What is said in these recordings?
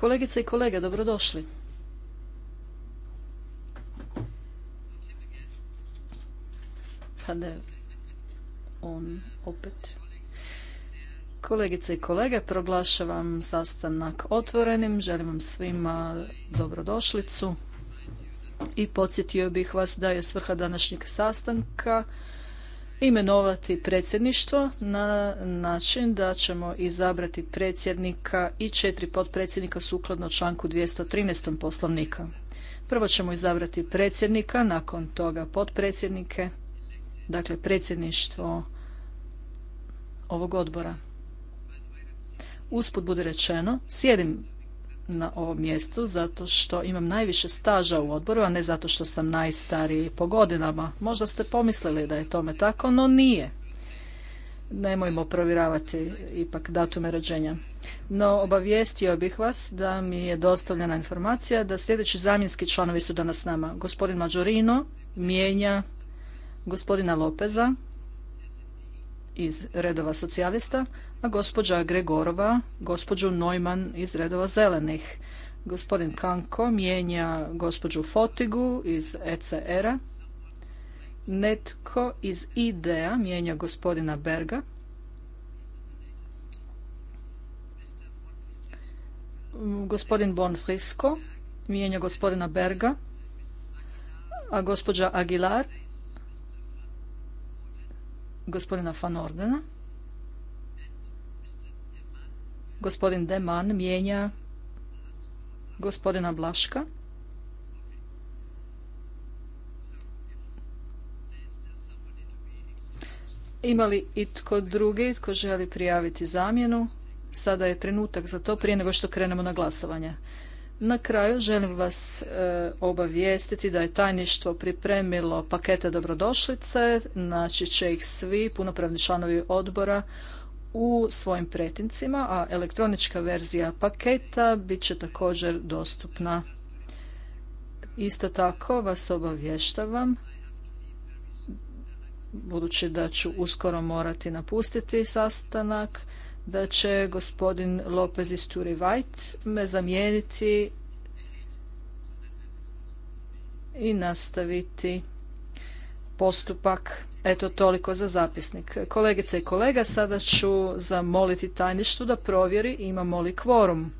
Kolegice i kolege, dobrodošli. Pa on opet. Kolegice i kolege, proglašavam sastanak otvorenim. Želim vam svima dobrodošlicu i podsjetio bih vas da je svrha današnjeg sastanka imenovati predsjedništvo na način da ćemo izabrati predsjednika i četiri potpredsjednika sukladno članku 213. poslovnika. Prvo ćemo izabrati predsjednika, nakon toga potpredsjednike, dakle predsjedništvo ovog odbora. Usput bude rečeno, sjedim na ovom mjestu zato što imam najviše staža u odboru, a ne zato što sam najstariji po godinama. Možda ste pomislili da je tome tako, no nije. Nemojmo provjeravati ipak datume rođenja. No, obavijestio bih vas da mi je dostavljena informacija da sljedeći zamjenski članovi su danas nama. Gospodin Mađorino mijenja gospodina Lopeza, iz redova socijalista, a gospođa Gregorova, gospođu Neumann iz redova zelenih. Gospodin Kanko mijenja gospođu Fotigu iz ECR-a. Netko iz IDEA mijenja gospodina Berga. Gospodin Bonfrisco mijenja gospodina Berga, a gospođa Aguilar gospodina Van Ordena. Gospodin Deman mijenja gospodina Blaška. Ima li itko drugi itko želi prijaviti zamjenu? Sada je trenutak za to prije nego što krenemo na glasovanje. Na kraju želim vas e, obavijestiti da je tajništvo pripremilo pakete dobrodošlice, znači će ih svi punopravni članovi odbora u svojim pretincima, a elektronička verzija paketa bit će također dostupna. Isto tako vas obavještavam, budući da ću uskoro morati napustiti sastanak, da će gospodin Lopez Isturi white me zamijeniti i nastaviti postupak. Eto, toliko za zapisnik. Kolegice i kolega, sada ću zamoliti tajništu da provjeri imamo li kvorum.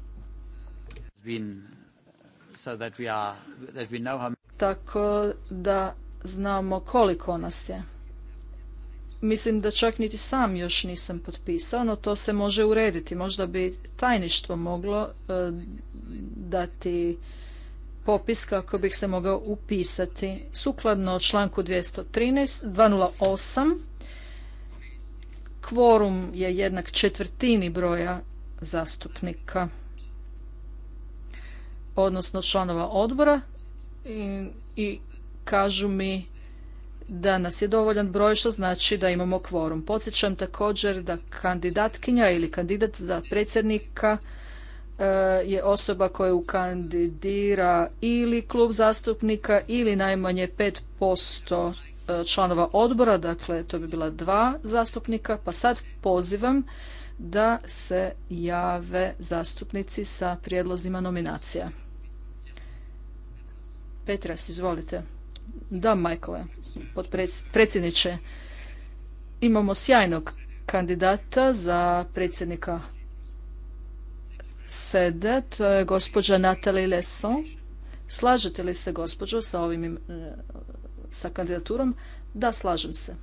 Tako da znamo koliko nas je. Mislim da čak niti sam još nisam potpisao, no to se može urediti. Možda bi tajništvo moglo e, dati popis kako bih se mogao upisati. Sukladno članku 213, 208, kvorum je jednak četvrtini broja zastupnika, odnosno članova odbora i, i kažu mi da nas je dovoljan broj što znači da imamo kvorum. Podsjećam također da kandidatkinja ili kandidat za predsjednika e, je osoba koju kandidira ili klub zastupnika ili najmanje 5% e, članova odbora, dakle to bi bila dva zastupnika, pa sad pozivam da se jave zastupnici sa prijedlozima nominacija. Petras, izvolite. Da, Michael, predsjedniče Imamo sjajnog kandidata za predsjednika sede, to je gospođa Nathalie Lesson. Slažete li se, gospođo, sa ovim e, sa kandidaturom? Da, slažem se.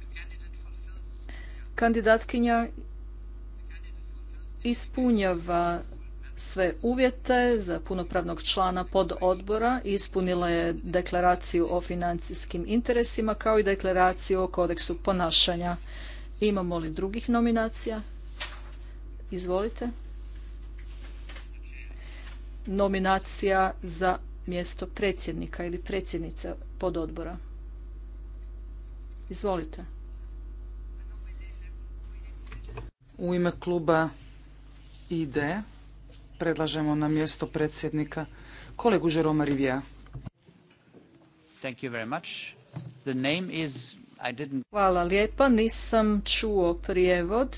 Kandidatkinja ispunjava sve uvjete za punopravnog člana pododbora i ispunila je deklaraciju o financijskim interesima kao i deklaraciju o kodeksu ponašanja. Imamo li drugih nominacija? Izvolite. Nominacija za mjesto predsjednika ili predsjednice pododbora. Izvolite. U ime kluba ide predlažemo na mjesto predsjednika kolegu Žeroma Rivija. Thank you Hvala lijepa, nisam čuo prijevod,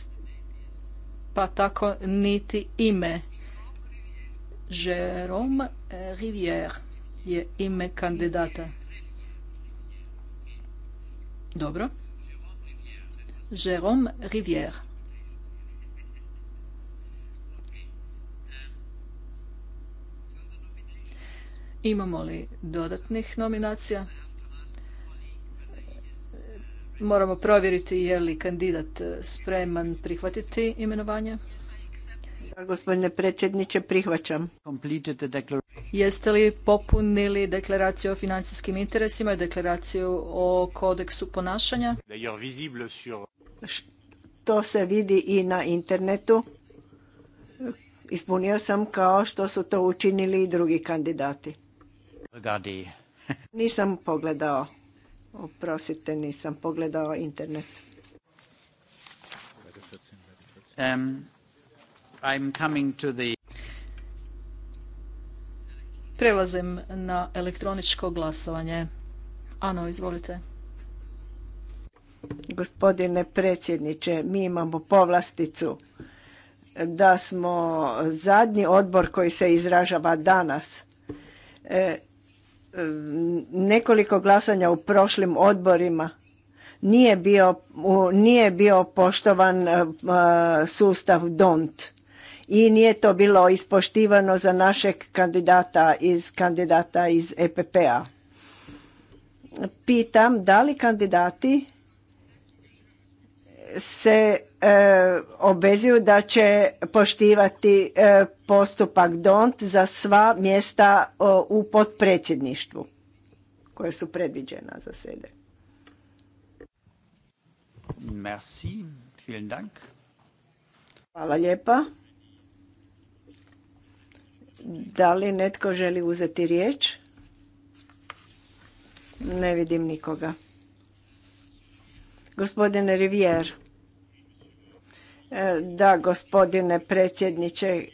pa tako niti ime. Jerome Rivière je ime kandidata. Dobro. Jerome Rivière. Imamo li dodatnih nominacija? Moramo provjeriti je li kandidat spreman prihvatiti imenovanje. gospodine predsjedniče, prihvaćam. Jeste li popunili deklaraciju o financijskim interesima i deklaraciju o kodeksu ponašanja? To se vidi i na internetu. Ispunio sam kao što su to učinili i drugi kandidati. Gadi. nisam pogledao. Oprostite, nisam pogledao internet. Um, I'm Prelazim na elektroničko glasovanje. Ano, izvolite. Gospodine predsjedniče, mi imamo povlasticu da smo zadnji odbor koji se izražava danas. E, nekoliko glasanja u prošlim odborima nije bio, nije bio poštovan e, sustav DONT i nije to bilo ispoštivano za našeg kandidata iz kandidata iz EPP-a. Pitam da li kandidati se E, obvezuju da će poštivati e, postupak DONT za sva mjesta u potpredsjedništvu koje su predviđena za sede. Merci, vielen Dank. Hvala lijepa. Da li netko želi uzeti riječ? Ne vidim nikoga. Gospodine Rivière. E, da, gospodine predsjedniče,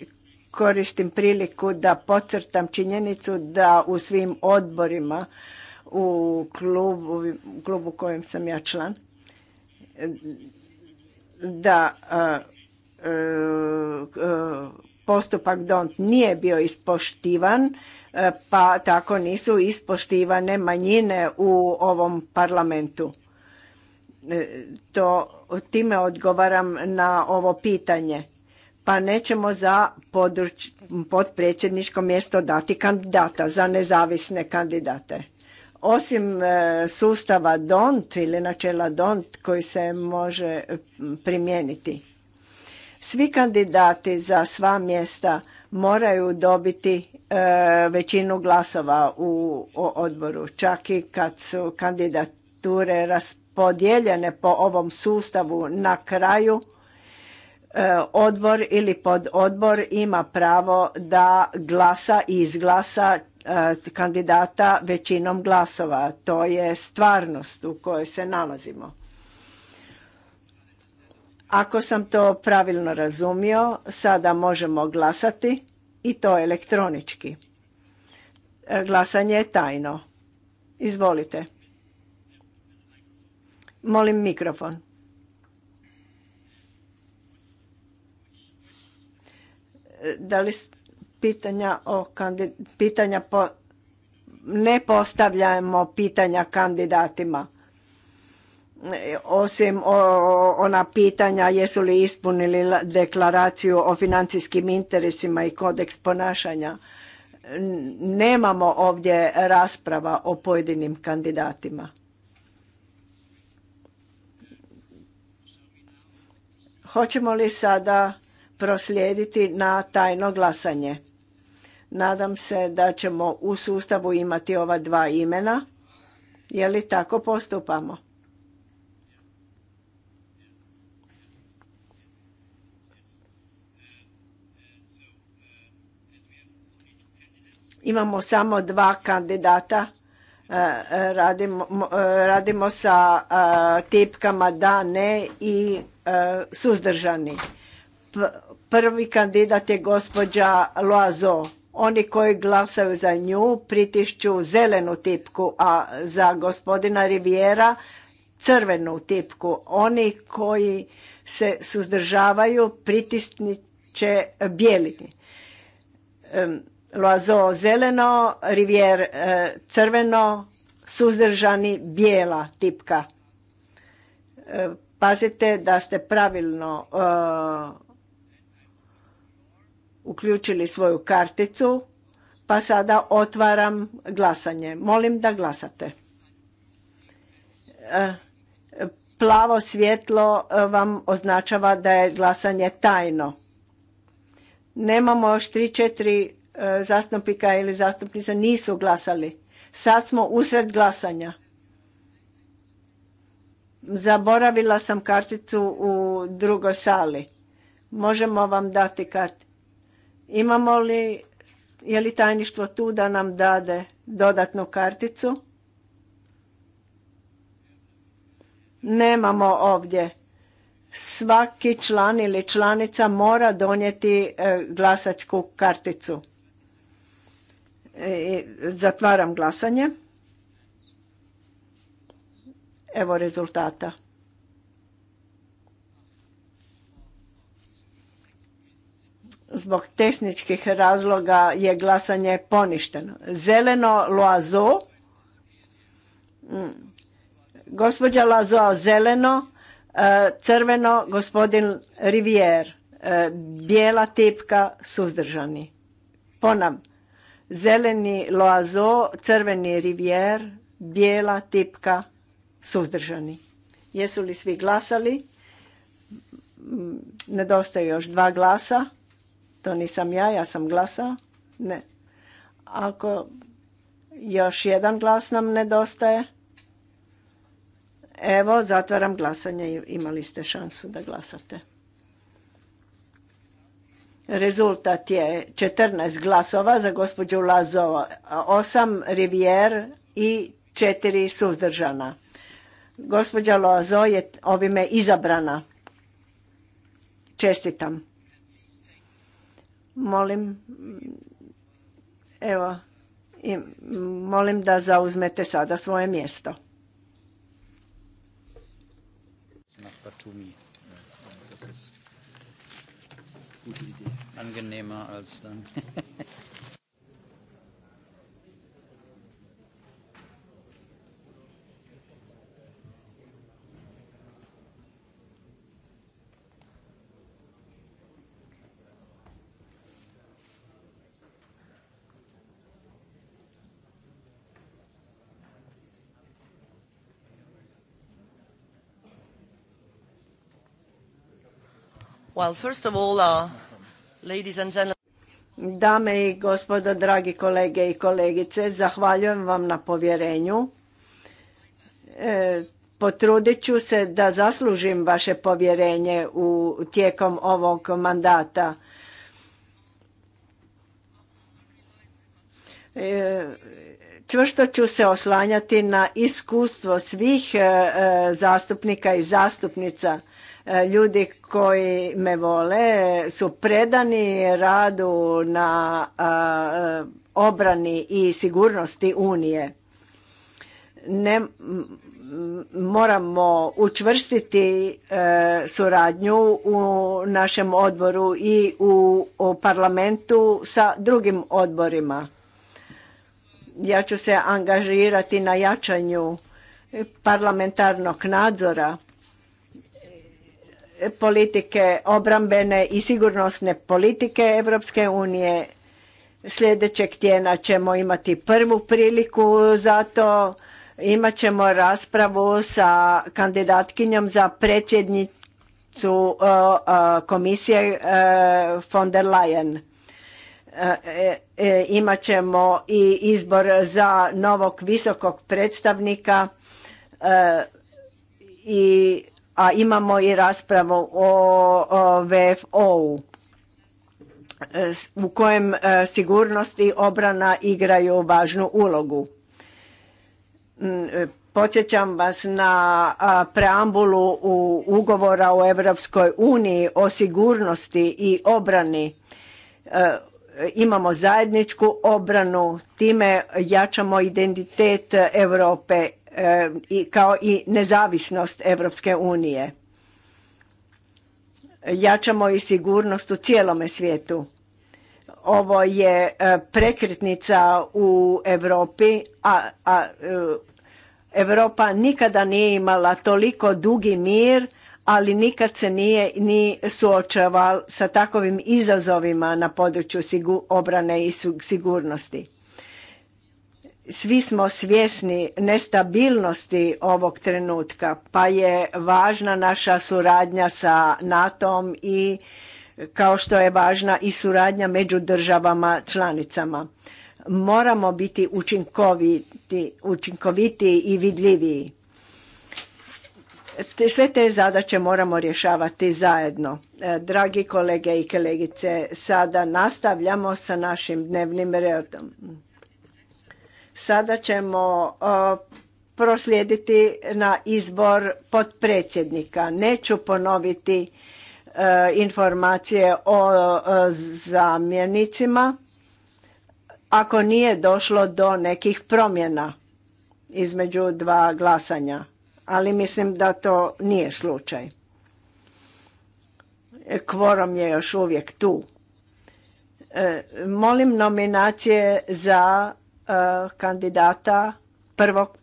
koristim priliku da pocrtam činjenicu da u svim odborima u klubu, klubu kojem sam ja član, da e, e, postupak DONT nije bio ispoštivan, pa tako nisu ispoštivane manjine u ovom parlamentu. E, to time odgovaram na ovo pitanje. Pa nećemo za područ, podpredsjedničko mjesto dati kandidata, za nezavisne kandidate. Osim e, sustava DONT ili načela DONT koji se može primijeniti. Svi kandidati za sva mjesta moraju dobiti e, većinu glasova u, odboru, čak i kad su kandidature raspravljene podijeljene po ovom sustavu na kraju e, odbor ili odbor ima pravo da glasa i izglasa e, kandidata većinom glasova. To je stvarnost u kojoj se nalazimo. Ako sam to pravilno razumio, sada možemo glasati i to elektronički. E, glasanje je tajno. Izvolite. Molim mikrofon. Da li pitanja o pitanja po, ne postavljamo pitanja kandidatima osim ona pitanja jesu li ispunili deklaraciju o financijskim interesima i kodeks ponašanja. Nemamo ovdje rasprava o pojedinim kandidatima. Hoćemo li sada proslijediti na tajno glasanje? Nadam se da ćemo u sustavu imati ova dva imena. Je li tako postupamo? Imamo samo dva kandidata. E, e, radimo, e, radimo sa tipkama da, ne i suzdržani. Prvi kandidat je gospođa Loazo. Oni koji glasaju za nju pritišću zelenu tipku, a za gospodina Riviera crvenu tipku. Oni koji se suzdržavaju pritisnit će bijeli Loazo zeleno, Rivier e, crveno, suzdržani bijela tipka. E, pazite da ste pravilno e, uključili svoju karticu, pa sada otvaram glasanje. Molim da glasate. plavo svjetlo vam označava da je glasanje tajno. Nemamo još 3-4 E, zastupnika ili zastupnica nisu glasali. Sad smo usred glasanja. Zaboravila sam karticu u drugoj sali. Možemo vam dati karti. Imamo li, je li tajništvo tu da nam dade dodatnu karticu? Nemamo ovdje. Svaki član ili članica mora donijeti e, glasačku karticu. E, zatvaram glasanje. Evo rezultata. Zbog tehničkih razloga je glasanje poništeno. Zeleno loazo. Mm. Gospođa Lazo zeleno, e, crveno gospodin Rivier, e, bijela tipka suzdržani. Ponavljam zeleni loazo, crveni rivijer, bijela tipka, suzdržani. Jesu li svi glasali? Mm, nedostaje još dva glasa. To nisam ja, ja sam glasao. Ne. Ako još jedan glas nam nedostaje, evo, zatvaram glasanje. Imali ste šansu da glasate. Rezultat je 14 glasova za gospođu Lazo, 8 Rivijer i 4 suzdržana. Gospođa Lazo je ovime izabrana. Čestitam. Molim, evo, molim da zauzmete sada svoje mjesto. angenehmer als dann. Well, first of all, uh, Dame i gospodo, dragi kolege i kolegice, zahvaljujem vam na povjerenju. E, potrudit ću se da zaslužim vaše povjerenje u tijekom ovog mandata. E, čvrsto ću se oslanjati na iskustvo svih e, zastupnika i zastupnica E, ljudi koji me vole su predani radu na e, obrani i sigurnosti Unije. Ne, moramo učvrstiti e, suradnju u našem odboru i u parlamentu sa drugim odborima. Ja ću se angažirati na jačanju parlamentarnog nadzora politike obrambene i sigurnosne politike Europske unije. Sljedećeg tjedna ćemo imati prvu priliku za to. Imat ćemo raspravu sa kandidatkinjom za predsjednicu e, e, komisije e, von der Leyen. Imat ćemo i izbor za novog visokog predstavnika i a imamo i raspravu o VFO-u u kojem e, sigurnost i obrana igraju važnu ulogu. Mm, e, podsjećam vas na preambulu u ugovora o Europskoj uniji o sigurnosti i obrani. E, imamo zajedničku obranu, time jačamo identitet Europe kao i nezavisnost Europske unije. Jačamo i sigurnost u cijelome svijetu. Ovo je e, prekretnica u Europi, a, Europa nikada nije imala toliko dugi mir, ali nikad se nije ni suočavala sa takovim izazovima na području obrane i sigurnosti. Svi smo svjesni nestabilnosti ovog trenutka, pa je važna naša suradnja sa nato i kao što je važna i suradnja među državama članicama. Moramo biti učinkoviti, učinkoviti i vidljiviji. Sve te zadaće moramo rješavati zajedno. E, dragi kolege i kolegice, sada nastavljamo sa našim dnevnim redom. Sada ćemo e, proslijediti na izbor potpredsjednika. Neću ponoviti e, informacije o e, zamjenicima ako nije došlo do nekih promjena između dva glasanja, ali mislim da to nije slučaj. Kvorom je još uvijek tu. Molim nominacije za E, kandidata prvog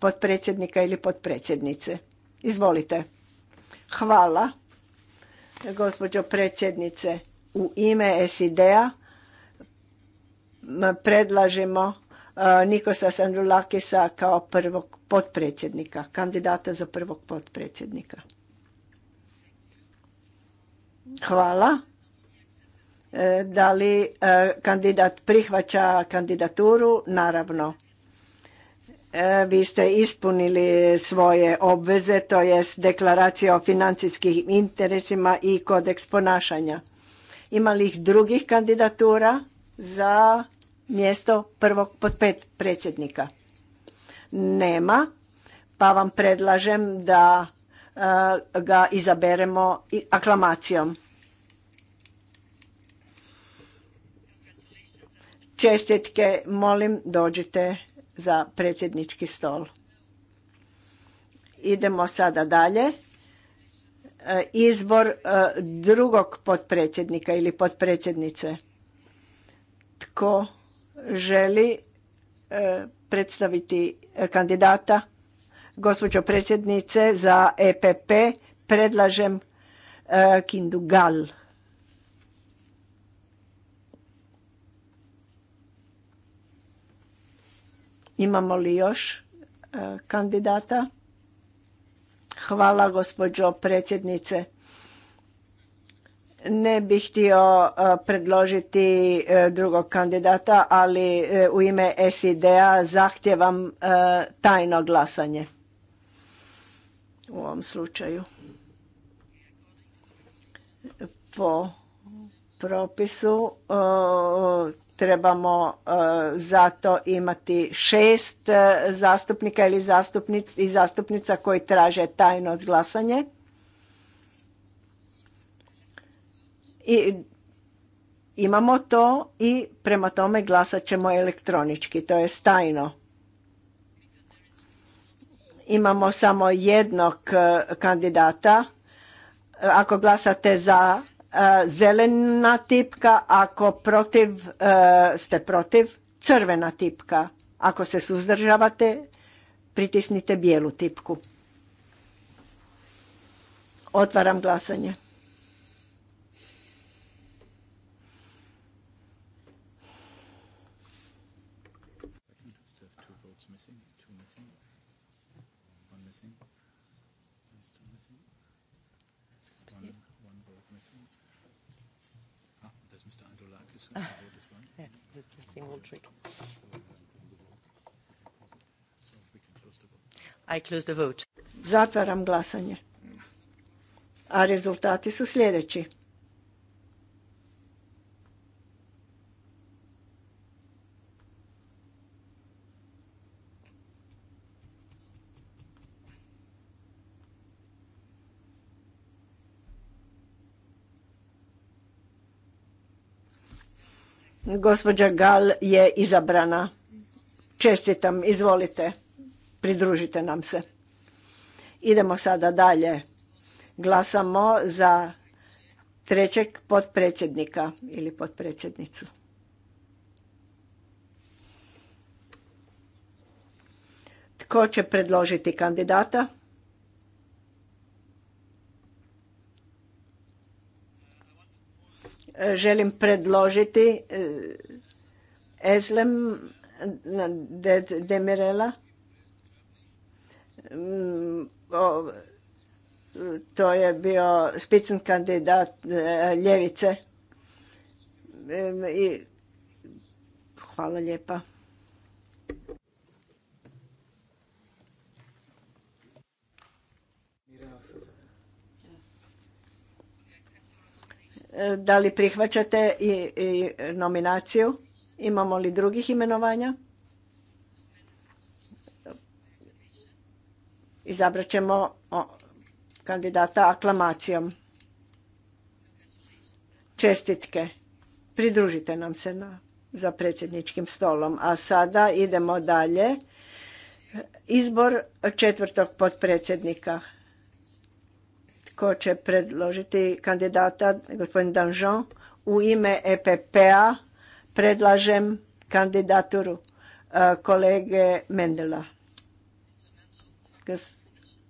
potpredsjednika ili potpredsjednice. Izvolite. Hvala, gospođo predsjednice. U ime SID-a predlažemo e, Nikosa Sandulakisa kao prvog potpredsjednika, kandidata za prvog potpredsjednika. Hvala da li e, kandidat prihvaća kandidaturu, naravno. E, vi ste ispunili svoje obveze, to jest deklaracija o financijskih interesima i kodeks ponašanja. Ima li ih drugih kandidatura za mjesto prvog predsjednika? Nema, pa vam predlažem da e, ga izaberemo aklamacijom. Čestitke, molim dođite za predsjednički stol. Idemo sada dalje. E, izbor e, drugog potpredsjednika ili potpredsjednice. Tko želi e, predstaviti kandidata? Gospođo predsjednice za EPP predlažem Kindu Gal. Imamo li još e, kandidata? Hvala gospođo predsjednice. Ne bih htio e, predložiti e, drugog kandidata, ali u ime SID-a zahtjevam tajno glasanje u ovom slučaju. Po propisu trebamo e, zato imati šest e, zastupnika ili i zastupnica koji traže tajno glasanje. I imamo to i prema tome glasat ćemo elektronički, to je tajno. Imamo samo jednog e, kandidata. Ako glasate za E, zelena tipka, ako protiv e, ste protiv, crvena tipka. Ako se suzdržavate, pritisnite bijelu tipku. Otvaram glasanje. Zatvaram glasanje. A rezultati su sljedeći. Gospođa Gal je izabrana. Čestitam, izvolite, pridružite nam se. Idemo sada dalje. Glasamo za trećeg potpredsjednika ili potpredsjednicu. Tko će predložiti kandidata? želim predložiti e, Eslem Demirela. Mm, to je bio spicen kandidat e, Ljevice. E, I hvala lijepa. Da li prihvaćate i, nominaciju? Imamo li drugih imenovanja? Izabrat ćemo kandidata aklamacijom. Čestitke. Pridružite nam se za predsjedničkim stolom. A sada idemo dalje. Izbor četvrtog potpredsjednika tko će predložiti kandidata, gospodin Danžon. U ime EPP-a predlažem kandidaturu e, kolege Mendela.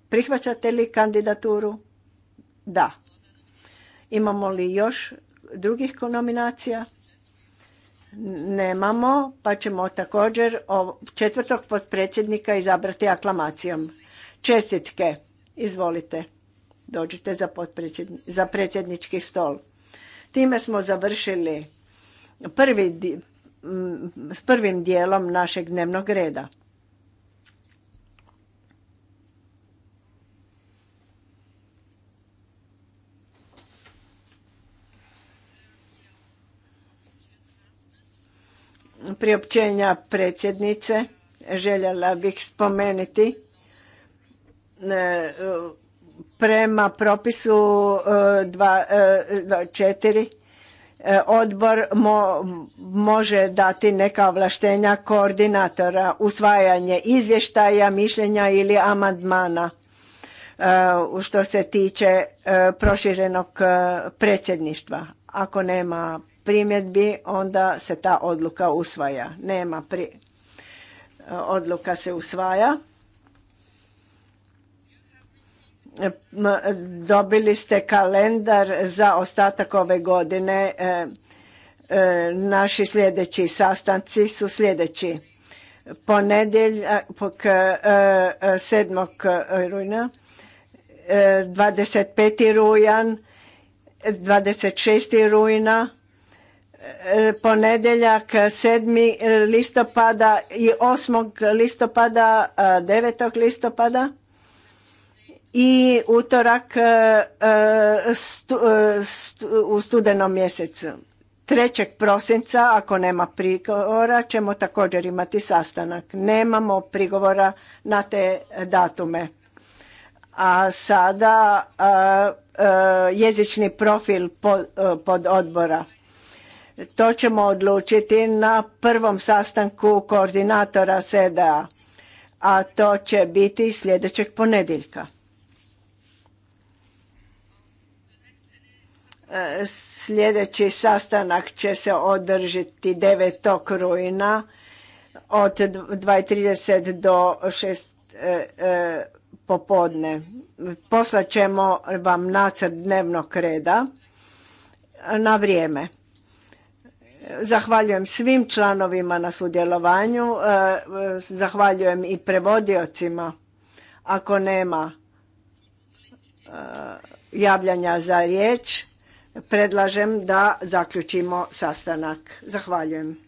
Prihvaćate li kandidaturu? Da. Imamo li još drugih nominacija? Nemamo, pa ćemo također četvrtog potpredsjednika izabrati aklamacijom. Čestitke, izvolite dođite za, za predsjednički stol. Time smo završili prvi, s prvim dijelom našeg dnevnog reda. priopćenja predsjednice željela bih spomenuti e, prema propisu e, e, četiri, e, odbor može dati neka ovlaštenja koordinatora, usvajanje izvještaja, mišljenja ili amandmana što se tiče proširenog predsjedništva. Ako nema primjedbi, onda se ta odluka usvaja. Nema pri... Odluka se usvaja. Dobili ste kalendar za ostatak ove godine. E, e, naši sljedeći sastanci su sljedeći. Ponedjeljak 7. E, rujna, 25. rujan, 26. rujna, ponedjeljak 7. listopada i 8. listopada, 9. listopada i utorak e, e, e, u studenom mjesecu. 3. prosinca, ako nema prigovora, ćemo također imati sastanak. Nemamo prigovora na te datume. A sada jezični profil pod, pod odbora. To ćemo odlučiti na prvom sastanku koordinatora SEDA, a to će biti sljedećeg ponedjeljka. E, sljedeći sastanak će se održiti 9. rujna od 2.30 do 6 e, e, popodne. Poslat ćemo vam nacrt dnevnog reda na vrijeme. Zahvaljujem svim članovima na sudjelovanju, zahvaljujem i prevodiocima. Ako nema javljanja za riječ, predlažem da zaključimo sastanak. Zahvaljujem.